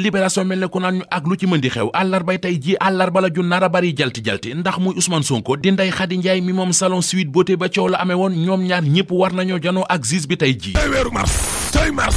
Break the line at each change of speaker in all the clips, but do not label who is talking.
libération mel ne ku naan ak lu ci mën di xew àllarbay tey ji àllarba la ju nar a bari jalti-jalti ndax muy Ousmane Sonko di Ndeye Khady Ndiaye mi moom salon Sweet Beauté ba coow la amee woon ñoom ñaar ñëpp war nañoo janoo ak juge bi tey ji tey weeru mars tey mars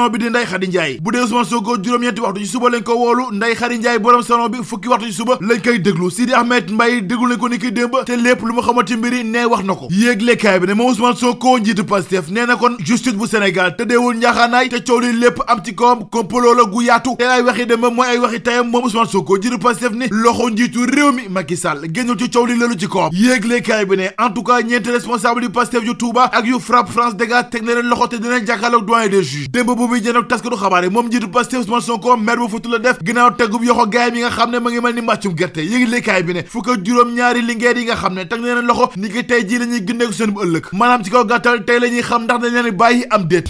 salon bi di Ndeye Khady Ndiaye bu dee Ousmane Sonko juróom-ñeenti waxtu ci suba lañ ko woolu Ndeye Khady Ndiaye salon bi fukki waxtu ci suba lañ koy déglu Sidi Ahmed Mbaye déglu lañ ko ni démb te lépp lu mu xamante mbiri ne wax na ko yéeglekaay bi ne moom Ousmane Sonko njiitu Pastef nee na kon justice bu Sénégal te deewul te coow li lépp am ci kawam complot la gu te ay waxi dem mooy ay waxi tayam moom Ousmane Sonko njiitu Pastef ni loxo muy jënd ak taskatu xabaar yi moom njiitu Pastef Ousmane Sonko mer bu futu la def ginnaaw teggub yoxo gaayam yi nga xam ne ma ngi mel ni mbàccum gerte yéegi likaay bi ne fukk juróom ñaari lingeer yi nga xam ne teg na loxo ni ki tey ji la ñuy gindeeku seen bu ëllëg maanaam ci kaw gàttal tey la xam ndax dañ leen bàyyi am déet